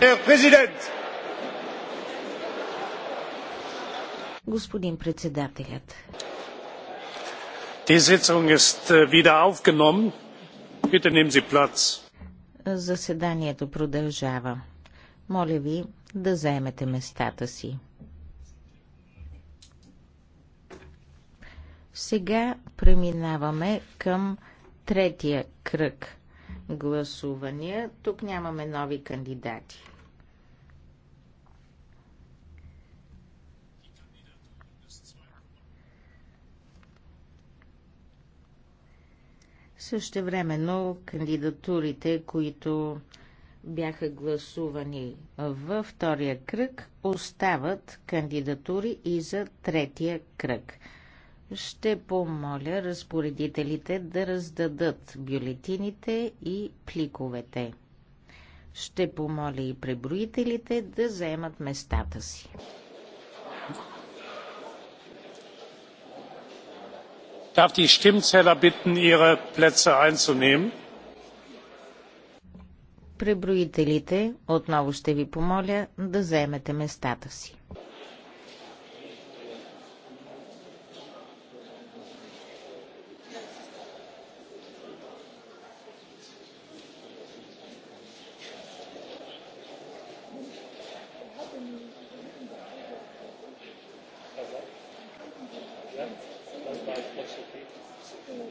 Herr Präsident! Господин председателят. Die Sitzung ist äh, wieder aufgenommen. Bitte nehmen Sie Platz. Заседанието продължава. Моля ви да заемете местата си. Сега преминаваме към третия кръг гласувания. Тук нямаме нови кандидати. Също времено кандидатурите, които бяха гласувани във втория кръг, остават кандидатури и за третия кръг. Ще помоля разпоредителите да раздадат бюлетините и пликовете. Ще помоля и преброителите да заемат местата си. darf die stimmzähler bitten ihre plätze einzunehmen. Преброителите отново ще ви помоля да заемете местата си. Yeah. Das war jetzt nicht so viel.